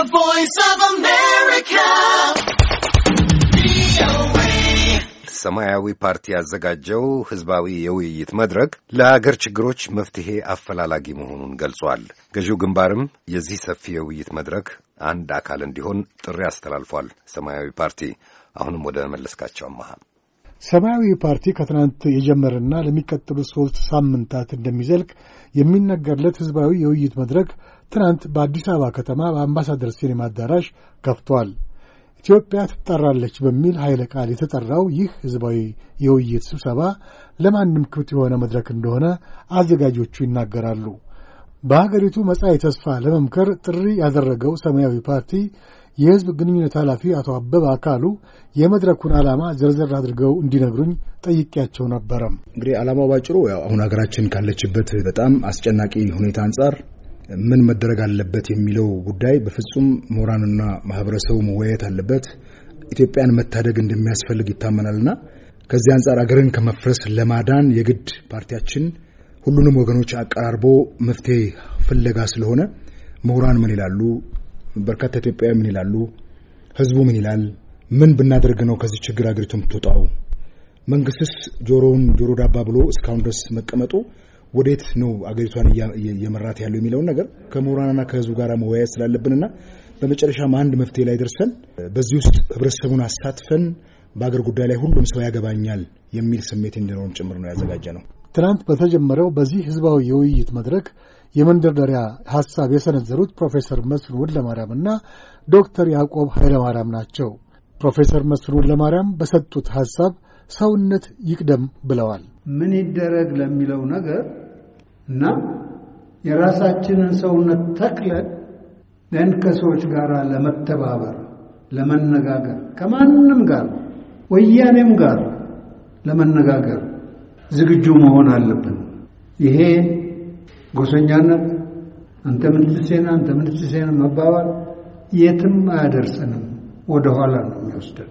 The Voice of America. ሰማያዊ ፓርቲ ያዘጋጀው ህዝባዊ የውይይት መድረክ ለአገር ችግሮች መፍትሄ አፈላላጊ መሆኑን ገልጿል። ገዢው ግንባርም የዚህ ሰፊ የውይይት መድረክ አንድ አካል እንዲሆን ጥሪ አስተላልፏል። ሰማያዊ ፓርቲ አሁንም ወደ መለስካቸው አመሃ ሰማያዊ ፓርቲ ከትናንት የጀመረና ለሚቀጥሉት ሶስት ሳምንታት እንደሚዘልቅ የሚነገርለት ህዝባዊ የውይይት መድረክ ትናንት በአዲስ አበባ ከተማ በአምባሳደር ሲኔማ አዳራሽ ከፍቷል። ኢትዮጵያ ትጠራለች በሚል ኃይለ ቃል የተጠራው ይህ ሕዝባዊ የውይይት ስብሰባ ለማንም ክፍት የሆነ መድረክ እንደሆነ አዘጋጆቹ ይናገራሉ። በሀገሪቱ መጻኢ ተስፋ ለመምከር ጥሪ ያደረገው ሰማያዊ ፓርቲ የሕዝብ ግንኙነት ኃላፊ አቶ አበበ አካሉ የመድረኩን ዓላማ ዝርዝር አድርገው እንዲነግሩኝ ጠይቄያቸው ነበረም። እንግዲህ ዓላማው ባጭሩ ያው አሁን ሀገራችን ካለችበት በጣም አስጨናቂ ሁኔታ አንጻር ምን መደረግ አለበት የሚለው ጉዳይ በፍጹም ምሁራንና ማህበረሰቡ መወያየት አለበት። ኢትዮጵያን መታደግ እንደሚያስፈልግ ይታመናልና ከዚህ አንጻር አገርን ከመፍረስ ለማዳን የግድ ፓርቲያችን ሁሉንም ወገኖች አቀራርቦ መፍትሄ ፍለጋ ስለሆነ ምሁራን ምን ይላሉ፣ በርካታ ኢትዮጵያውያን ምን ይላሉ፣ ህዝቡ ምን ይላል፣ ምን ብናደርግ ነው ከዚህ ችግር አገሪቱ የምትወጣው? መንግስትስ ጆሮውን ጆሮ ዳባ ብሎ እስካሁን ድረስ መቀመጡ ወዴት ነው አገሪቷን እየመራት ያለው የሚለውን ነገር ከምሁራንና ከህዝቡ ጋር መወያየት ስላለብንና በመጨረሻም አንድ መፍትሄ ላይ ደርሰን በዚህ ውስጥ ህብረተሰቡን አሳትፈን በአገር ጉዳይ ላይ ሁሉም ሰው ያገባኛል የሚል ስሜት እንዲኖርም ጭምር ነው ያዘጋጀ ነው። ትናንት በተጀመረው በዚህ ህዝባዊ የውይይት መድረክ የመንደርደሪያ ሀሳብ የሰነዘሩት ፕሮፌሰር መስፍን ወልደማርያም እና ዶክተር ያዕቆብ ኃይለማርያም ናቸው። ፕሮፌሰር መስፍን ወልደማርያም በሰጡት ሀሳብ ሰውነት ይቅደም ብለዋል። ምን ይደረግ ለሚለው ነገር እና የራሳችንን ሰውነት ተክለን ደን ከሰዎች ጋር ለመተባበር ለመነጋገር ከማንም ጋር ወያኔም ጋር ለመነጋገር ዝግጁ መሆን አለብን። ይሄ ጎሰኛነት አንተ ምንትሴና አንተ ምንትሴና መባባል የትም አያደርስንም፣ ወደኋላ ነው የሚወስደን።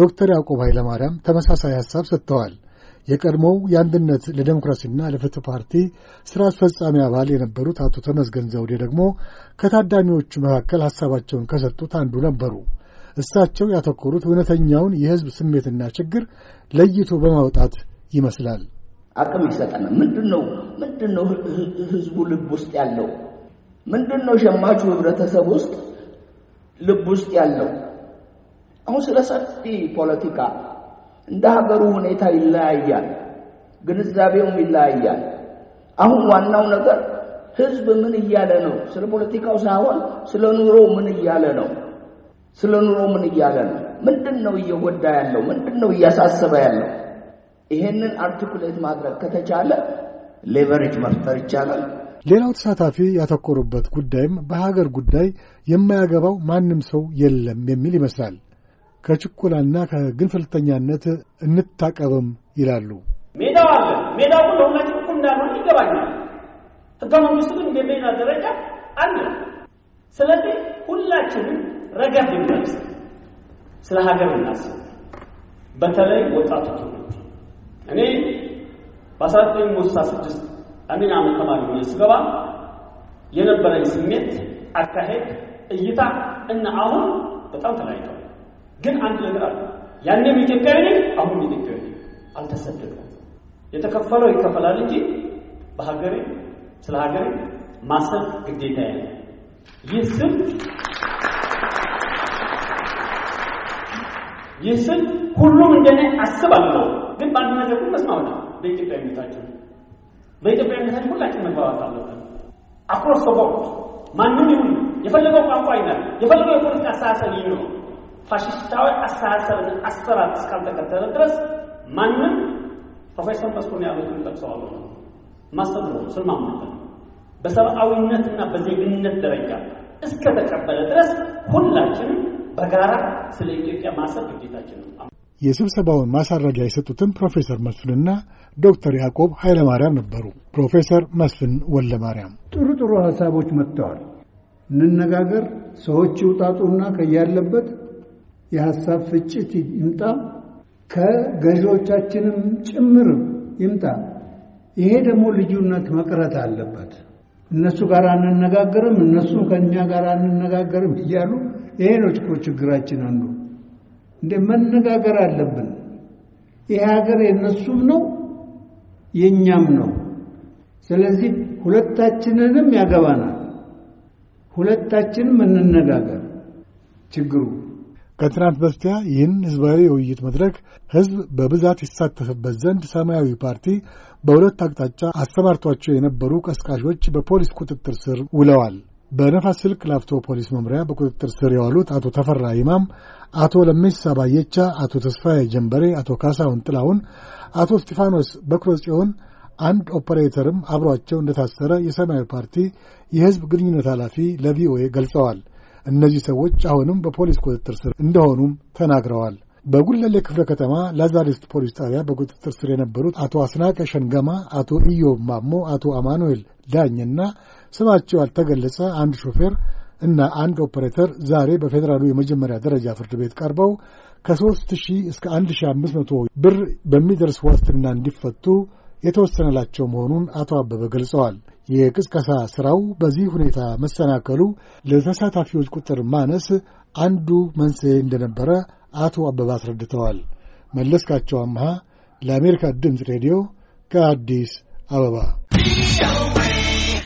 ዶክተር ያዕቆብ ኃይለማርያም ተመሳሳይ ሐሳብ ሰጥተዋል። የቀድሞው የአንድነት ለዴሞክራሲና ለፍትህ ፓርቲ ሥራ አስፈጻሚ አባል የነበሩት አቶ ተመስገን ዘውዴ ደግሞ ከታዳሚዎቹ መካከል ሐሳባቸውን ከሰጡት አንዱ ነበሩ። እሳቸው ያተኮሩት እውነተኛውን የሕዝብ ስሜትና ችግር ለይቶ በማውጣት ይመስላል። አቅም ይሰጠናል። ምንድን ነው ምንድን ነው ሕዝቡ ልብ ውስጥ ያለው ምንድን ነው ሸማቹ ህብረተሰብ ውስጥ ልብ ውስጥ ያለው አሁን ስለ ሰፊ ፖለቲካ እንደ ሀገሩ ሁኔታ ይለያያል፣ ግንዛቤውም ይለያያል። አሁን ዋናው ነገር ህዝብ ምን እያለ ነው? ስለ ፖለቲካው ሳይሆን ስለ ኑሮ ምን እያለ ነው? ስለ ኑሮ ምን እያለ ነው? ምንድን ነው እየጎዳ ያለው? ምንድን ነው እያሳሰበ ያለው? ይሄንን አርቲኩሌት ማድረግ ከተቻለ ሌቨሬጅ መፍጠር ይቻላል። ሌላው ተሳታፊ ያተኮሩበት ጉዳይም በሀገር ጉዳይ የማያገባው ማንም ሰው የለም የሚል ይመስላል። ከችኮላና ከግንፍልተኛነት እንታቀብም ይላሉ። ሜዳው አለ። ሜዳው ሁሉ ሁላችን ቁም እንዳልሆን ይገባኛል። ህገ መንግስቱ ግን በሜዳ ደረጃ አለ። ስለዚህ ሁላችንም ረገብ ይመልስ፣ ስለ ሀገር እናስብ። በተለይ ወጣቱ ትውልድ እኔ በአስራ ሞሳ ስድስት አሚን ዓመት ተማሪ ስገባ የነበረኝ ስሜት፣ አካሄድ፣ እይታ እና አሁን በጣም ተለያይተዋል። ግን አንድ ነገር አለ። ያኔም ኢትዮጵያዊ ነኝ፣ አሁን ኢትዮጵያዊ ነኝ። አልተሰደድኩም። የተከፈለው ይከፈላል እንጂ በሀገሬ ስለ ሀገሬ ማሰብ ግዴታ ያለ ይህ ስም ይህ ስም ሁሉም እንደኔ አስባለሁ። ግን በአንድ ነገር ሁሉ መስማማት ነው፣ በኢትዮጵያ በኢትዮጵያዊነታችን ሁላችን መግባባት አለብን። አክሮስ ዘ ማንም ይሁን የፈለገው ቋንቋ ይናል፣ የፈለገው የፖለቲካ አስተሳሰብ ይኑረው ፋሽስታዊ አስተሳሰብን አሰራር እስካልተከተለ ድረስ ማንም ፕሮፌሰር መስሎን ያሉትን ጠቅሰዋለሁ ነው ማሰብሮ ስልማማበት በሰብአዊነትና በዜግነት ደረጃ እስከተቀበለ ድረስ ሁላችንም በጋራ ስለ ኢትዮጵያ ማሰብ ግዴታችን ነው። የስብሰባውን ማሳረጃ የሰጡትም ፕሮፌሰር መስፍንና ዶክተር ያዕቆብ ኃይለማርያም ነበሩ። ፕሮፌሰር መስፍን ወለማርያም ጥሩ ጥሩ ሀሳቦች መጥተዋል። እንነጋገር፣ ሰዎች ይውጣጡና ከያለበት የሀሳብ ፍጭት ይምጣ፣ ከገዢዎቻችንም ጭምር ይምጣ። ይሄ ደግሞ ልዩነት መቅረት አለበት። እነሱ ጋር አንነጋገርም፣ እነሱ ከእኛ ጋር አንነጋገርም እያሉ ይሄ ነው እኮ ችግራችን አንዱ። እንደ መነጋገር አለብን። ይሄ ሀገር የእነሱም ነው የእኛም ነው። ስለዚህ ሁለታችንንም ያገባናል። ሁለታችንም እንነጋገር ችግሩ ከትናንት በስቲያ ይህን ህዝባዊ የውይይት መድረክ ህዝብ በብዛት ይሳተፍበት ዘንድ ሰማያዊ ፓርቲ በሁለት አቅጣጫ አሰማርቷቸው የነበሩ ቀስቃሾች በፖሊስ ቁጥጥር ስር ውለዋል። በነፋስ ስልክ ላፍቶ ፖሊስ መምሪያ በቁጥጥር ስር የዋሉት አቶ ተፈራ ይማም፣ አቶ ለሜሳ ባየቻ፣ አቶ ተስፋዬ ጀንበሬ፣ አቶ ካሳሁን ጥላሁን፣ አቶ እስጢፋኖስ በኩረ ጽዮን አንድ ኦፐሬተርም አብሯቸው እንደታሰረ የሰማያዊ ፓርቲ የህዝብ ግንኙነት ኃላፊ ለቪኦኤ ገልጸዋል። እነዚህ ሰዎች አሁንም በፖሊስ ቁጥጥር ስር እንደሆኑም ተናግረዋል። በጉለሌ ክፍለ ከተማ ላዛሪስት ፖሊስ ጣቢያ በቁጥጥር ስር የነበሩት አቶ አስናቀ ሸንገማ፣ አቶ ኢዮብ ማሞ፣ አቶ አማኑኤል ዳኝና ስማቸው ያልተገለጸ አንድ ሾፌር እና አንድ ኦፐሬተር ዛሬ በፌዴራሉ የመጀመሪያ ደረጃ ፍርድ ቤት ቀርበው ከ ሺህ እስከ አንድ ብር በሚደርስ ዋስትና እንዲፈቱ የተወሰነላቸው መሆኑን አቶ አበበ ገልጸዋል። የቅስቀሳ ሥራው በዚህ ሁኔታ መሰናከሉ ለተሳታፊዎች ቁጥር ማነስ አንዱ መንስኤ እንደነበረ አቶ አበባ አስረድተዋል። መለስካቸው አምሃ ለአሜሪካ ድምፅ ሬዲዮ ከአዲስ አበባ